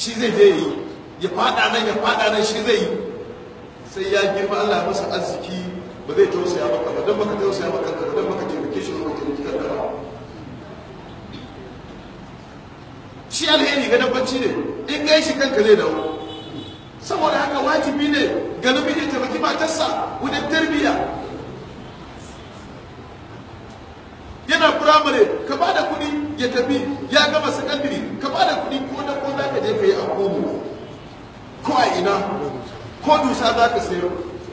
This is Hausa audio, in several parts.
shi zai je yi ya fada nan ya fada nan shi zai yi sai ya girma Allah masa arziki ba zai tausaya maka ba don baka tausaya maka ba don baka taimake shi ba kuma kika ba shi alheri ga dabbaci ne in gai shi kanka zai dawo saboda haka wajibi ne ga nabi ya taimaki matarsa wajen tarbiyya yana firamare ka ba da kuɗi ya tafi ya gama sakandiri ka ba da kuɗi ko da ko za ka je ka yi abubu ko a ina ko dusa za ka sayo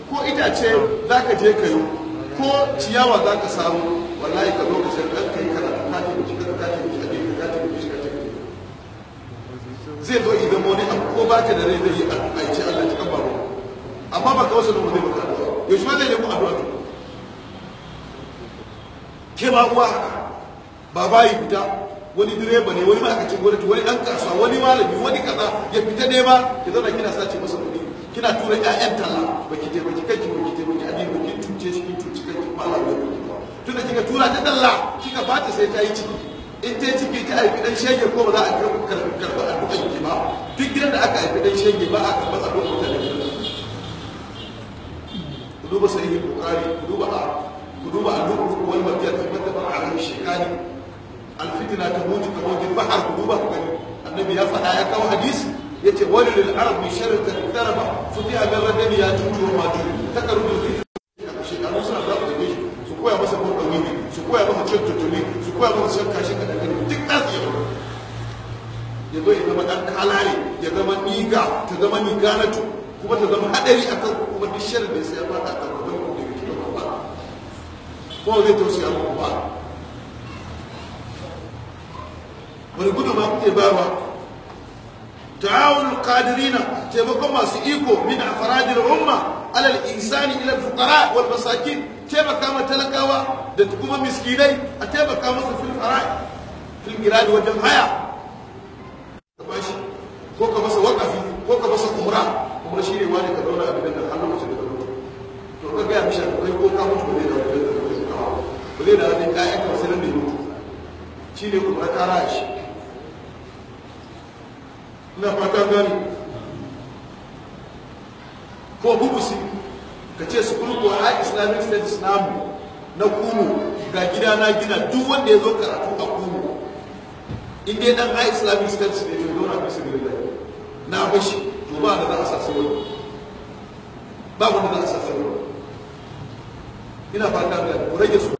ko itace za ka je ka yi ko ciyawa za ka samu wallahi ka zo ka sayo ɗan kai kana ka ce mishi ka ce mishi ka ce ka ce mishi ka zai zo idan wani abu ko ba ka da rai zai yi a ya ce Allah ya ci kan baro amma ba ka wasu da wani ba ka addu'a yaushe ma zai yi mu addu'a ke ba uwa ba bayi fita wani direba ne wani ma'aikacin gwamnati wani dan kasuwa wani malami wani kaza ya fita ne ba ki zauna kina sace masa kuɗi kina tura ƴaƴan talla ba ki taimaki kanki ba ki ki addini ba ki tuce shi ki tuce kai ki Allah ya ki ba tunda kika tura ta talla kika bata sai ta yi ciki in ta ciki ta aiki dan shege ko ba za a karɓi karɓi addu'an ki ba duk gidan da aka aiki dan shege ba a karɓi addu'an mutane duba sahihin bukari duba a ku duba al-rubu wal mabdi al-fitna ba alaihi shaytani al-fitna tamutu ka hujjal bahar ku duba ku gani annabi ya faɗa ya kawo hadisi ce wani lil arab min sharri taraba futiha bi radani ya tuju wa da ku gani su koya masa burdawi su koya masa su koya masa ya zo ya zama dan kalale ya ta zama niganatu kuma ta zama hadari akan kuma duk sharri da sai ya a akan ko zai a muku ba wani gudu ma kuke ba ba ta ta'awun qadirina taimakon masu iko min a afaradil umma alal insani ila fuqara wal masakin taimaka ma talakawa da kuma miskinai a taimaka musu fil fara'i fil giradi wajen haya ko ka masa wakafi ko ka masa umra umra shine wani ka zauna a gidan da har lokacin da ka zo to ka ga mishi kai ko ka mutu ne bai da hannun ƴaƴan da yau shi ne kuma na kara shi gani ko bubusi ka ce su ko a islamic state islam na kumo ga gida na gina duk wanda ya zo karatu a kumo in dai dan a islamic state ne mai na bashi to ba da za a sa ba wanda za a sa sauran ina fata da rage su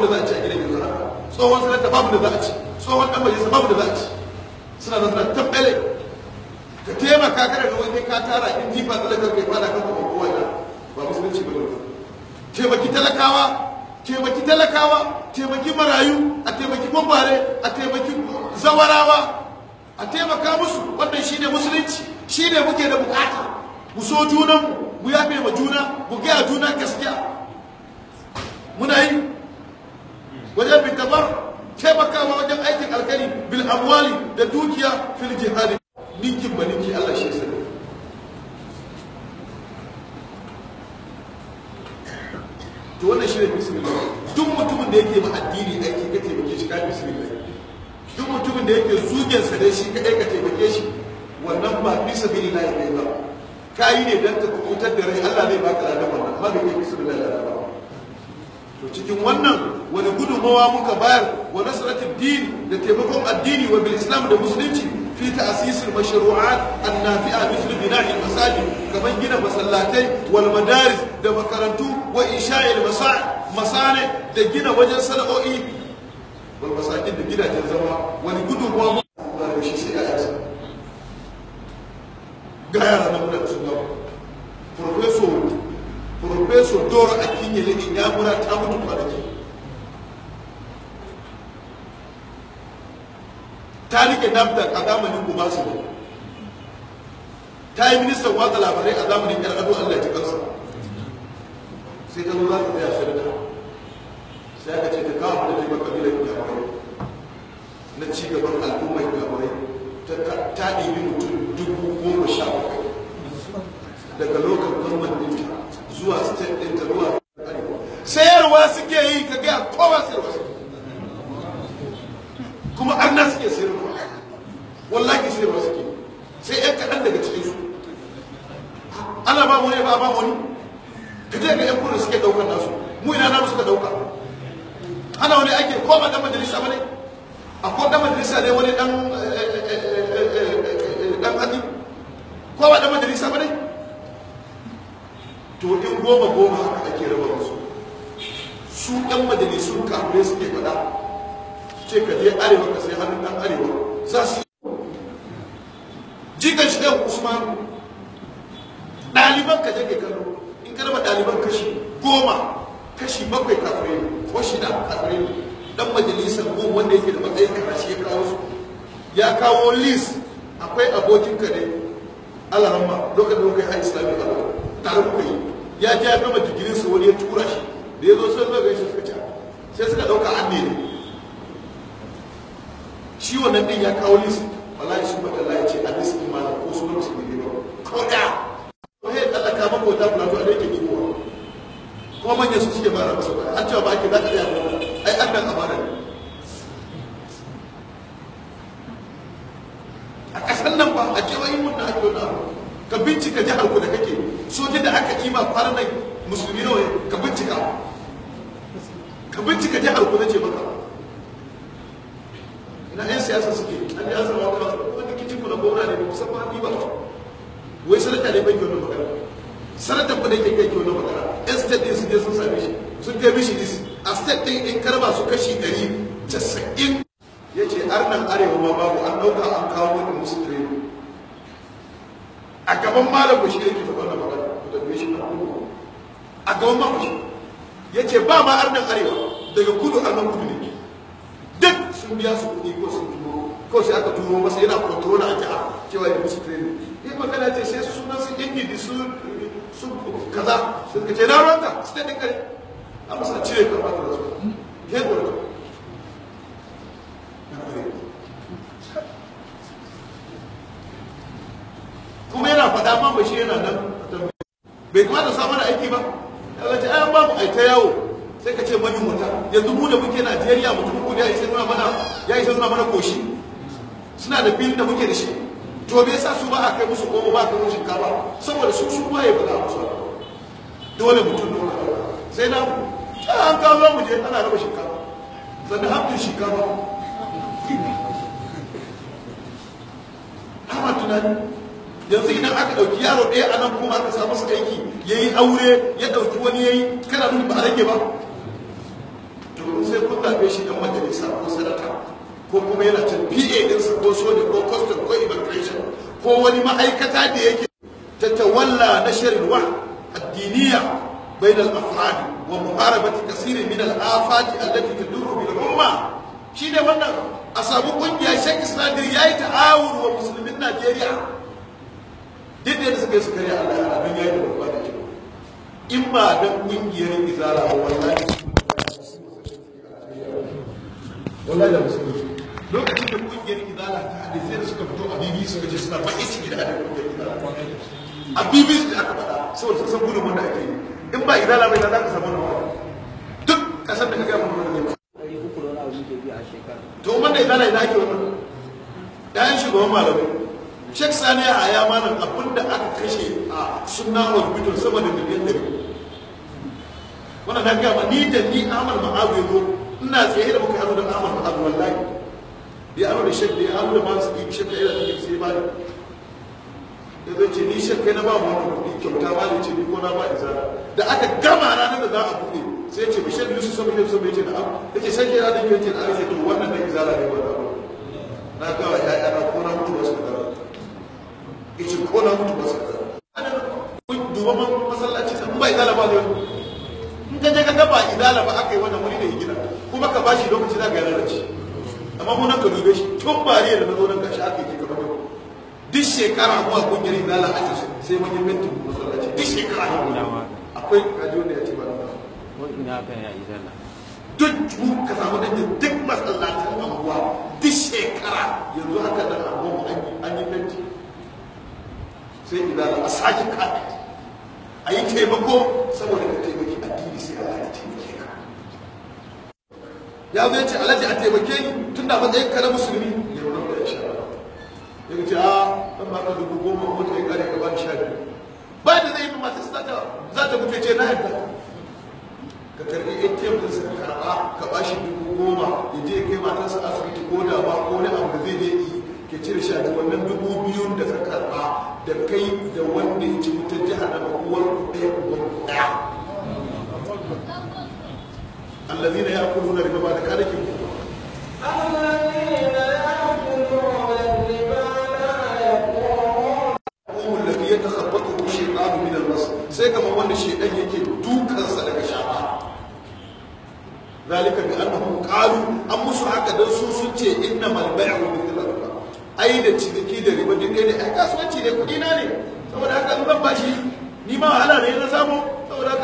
abin da za a ci a gidan yanzu haka tsohon sanata babu da za a ci tsohon dan majalisa babu da za a ci suna da suna tabbale ka taimaka kada da wani ka tara in jifa talaka kai fada kan kuma kowa ina ba musu musulunci ba ne taimaki talakawa taimaki talakawa taimaki marayu a taimaki gwagware a taimaki zawarawa a taimaka musu wannan shine musulunci shine muke da bukata mu so junanmu mu yafe ma juna mu gaya juna gaskiya muna yi wajen bitabar taimakawa wajen aikin alkali bil amwali da dukiya fil jihadi ninkin ba ninki Allah shi sai to wannan shi ne bismillah duk mutumin da yake ba addini aiki ka taimake shi ka bismillah duk mutumin da yake zugen sa dai shi ka ka taimake shi wannan ba fi sabilillah ne ba kayi ne dan ka kutar da rai Allah zai baka ladan wannan ba da ke ba. cikin wannan wani gudunmawa muka bayar wa nasaratin dini da taimakon addini wa bil da musulunci fi ta'sisil mashru'at annafi'a mithl bina'il masajid kaman gina masallatai wal madaris da makarantu wa insha'il masa'i da gina wajen sana'o'i wal masakin da gidajen zama wani gudunmawa muka bayar shi sai ayata ga yara na mutane sun gaba professor professor dora ne da ya mura ta mutu kwanaki ta rike naftar a zamanin guba su ne ta yi ministan watsa labarai a zamanin yar ado allah ya ji kansa sai ta zo za ta tsaya sarka sai aka ce ta kawo da jima yi gabarai na cigaban al'ummar gabarai ta ɗibi mutum dubu goma sha bakwai ana ba mu ba ba mu ne ka je ga yan suke daukar nasu mu ina namu suka dauka ana wani ake ko ba dan majalisa bane akwai dan majalisa ne wani dan dan hadi ko ba dan majalisa bane to in goma goma haka ake raba musu su dan ka ne suke fada ce ka je arewa ka sai hannun dan arewa za su jikan shi ɗan usman ɗaliban ka je ka kallo in ka raba ɗaliban kashi goma kashi bakwai kafirai ne ko shida kafirai ne dan majalisar ko wanda yake da matsayin karashi ya kawo su ya kawo list akwai abokin ka ne alhamma lokacin da kai a islamic law tare kuka yi ya je ya gama digirin su wani ya tura shi da ya zo sai zo ga shi suka ci sai suka dauka an ne shi wannan ɗin ya kawo lis. kuma manya su suke mara masa an cewa ba ake za ka iya ai an nan amara ne a ƙasar nan ba a kewayin mun da ake wani ka bincika jihar ku da kake soji da aka ima kwanan nan musulmi nawa ka bincika ka bincika jihar ku da ce maka ina yan siyasa suke an yi azama ka wani kicin ku na gona ne musamman ni ba wai sanata ne bai ke wani magana sanata ku ne ke kai ke wani magana je sun same shi sun je mishi is a state din in karba su kashi 190 yace arnan arewa ma babu an dauka an kawo wani musu training a gaban malam bashi yake ta wannan magana da bai shi a gaban malam bashi yace ba ma arnan arewa daga kudu arnan kudu ne duk sun biya su kudi ko sun turo ko sai aka turo masa yana control a jiha cewa ya musu training su su kaza ka ce na su ta dinka a ta kuma yana faɗa ma yana nan bai aiki ba ya ce ayan yawo sai ka ce manyan wata yanzu mu da muke Najeriya mutum da ya isa nuna mana ya isa nuna mana koshi suna da filin da muke da shi to me yasa su ba a kai musu goma ba kai musu shinkafa saboda su su waye ba za a musu dole mutum dole sai na mu ta an kawo mu je ana raba shinkafa sannan hamdin shinkafa hama tunani yanzu idan aka ɗauki yaro ɗaya a nan kuma aka samu su aiki ya yi aure ya ɗauki wani ya yi kana nuna ba a rage ba to sai kun zaɓe shi ɗan majalisa ko sadaka ko kuma yana can PA ɗinsa ko soja ko custom ko immigration ko wani ma'aikata da yake ta tawalla na shirin wa addiniya بين الافراد ومحاربه كثير من الافات التي تدور بالامه Shi ده wannan a samu kungiya Sheikh Isnadir yi ta'awun wa musulmin Najeriya duk da suka su kare Allah a duniya da babba da shi in ba don kungiyar izara wallahi wallahi da musulmi lokacin da muka kungiyar izala ta haɗe sai da suka fito a bibi suka ce suna baƙi ciki da haɗin kungiyar a bibi su aka faɗa saboda sun san gudunmu da ake yi in ba izala bai za ka samu na duk kasar da ka gaya mun wani ne to wanda izala ina ake wani ɗayan shugaban malamai shek Sani a ya malam abinda aka kashe a sunna hospital sama da miliyan ɗari wannan na gama ni da ni amal Ma'azu ya zo ina tsaye da muka yaro da Ahmad Ma'azu wallahi بأمر شك بأمر ما يشك إلى أن يكسر بالي da ce ni shakkai na ba mu wani kuɗi kyauta ba da ce ni ko na ba izara da aka gama ranar da za a buɗe sai ce bishar yusuf sama yusuf sama yace na'am yace sai kira da yace na'am sai to wannan da a ne ba da ba na ga wa na ko na mutu wasu da ce ko na mutu wasu da ana duba man masallaci san ba izala ba da in ka je ka ga izala ba aka yi wannan wuri da gina kuma ka bashi lokaci za ka yi amma mu nan ka dube shi tun ba ne da mazo nan gashi aka yi kamar yau duk shekara mu a kungiyar izala a ce sai mun yi mintin masallaci duk shekara akwai kajo da ya ce ba ko ina kan ya izala duk mu ka samu dan duk masallacin anguwa duk shekara yanzu haka da anguwa an yi minti sai izala a saki kaɗi a yi taimako saboda ka taimaki addini sai a ya taimake ya zo ce alhaji a taimake ni tun da matsayin ka na musulmi ya nuna kuɗin sha ya ce a ah, ɗan ba dubu goma ko ta yi kare ka ba sha biyu ba da zai yi mata za ta za ta mutu ce na haifa ka karɓi atm din sa karɓa ka ba shi dubu goma ya je kai matarsa asibiti ko da ba ko wani abu da zai je yi ke cire sha biyu wannan dubu biyun da ka karɓa da kai da wanda ya ci mutum jihar da ba uwar ɗaya uwar ɗaya الذين يأكلون الربا بعد ذلك الذين يأكلون الذي يتخبطه الشيطان من المس سيكما وان الشيطان يكي دوكا سلك شعبا ذلك بأنهم قالوا أم سعك دنسوس إنما البيع مثل الربا أي da ciniki da riba duk ne ai kasuwanci ne kuɗi na ne saboda haka in ban bashi ni ma wahala ne na samu saboda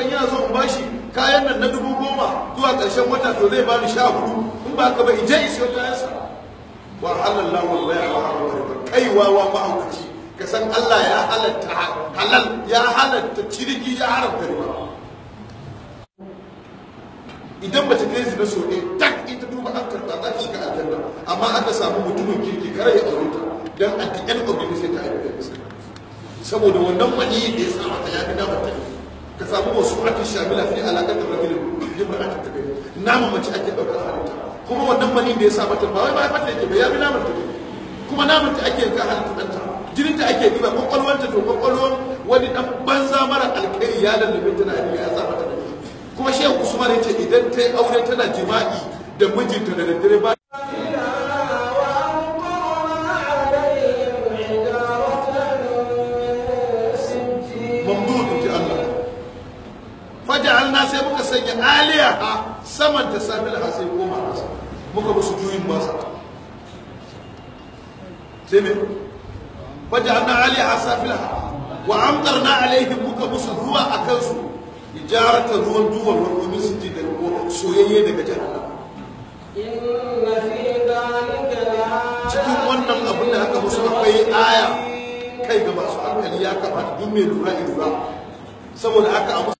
kayan nan na dubu goma zuwa ƙarshen wata to zai bani sha hudu in ba ka ba in je in siyo kayansa wa halalla wa ya wa halallahu kaiwa wa ma'aukaci ka san Allah ya halatta halal ya halatta ciniki ya haramta riba idan ba ta kai su na ɗaya tak ita duba an karɓa za ta shiga aljanna amma aka samu mutumin kirki kare ya aure ta dan a ta ƴan ƙwaƙwalwa sai ta aiki da saboda wannan wani da ya sa mata ya fi damar ta ka samu wasu ake shamila fi alaƙar rajulin ba ta gani nama mace ake ɗaukar halitta kuma wannan mani da ya sa mata ba wai ba mata yake ba ya bi naman ta kuma naman ta ake yanka halitta ɗanta jinin ta ake kwakwalwar ta to kwakwalwar wani ɗan banza mara alkairi ya lallabe tana yi ya sa mata kuma shehu usman ya ce idan ta yi aure tana jima'i da mijinta da daddare ba saman ta sami da sai koma masa muka musu juyin masa sai mai wajen na ali a safila wa an na alaihim muka musu ruwa a kansu ijarata ruwan duwar wani domin su ji daga soyayye daga jahannama cikin wannan abin da haka musu akwai aya kai ga masu hankali ya kamata duk mai lura ya lura saboda aka abu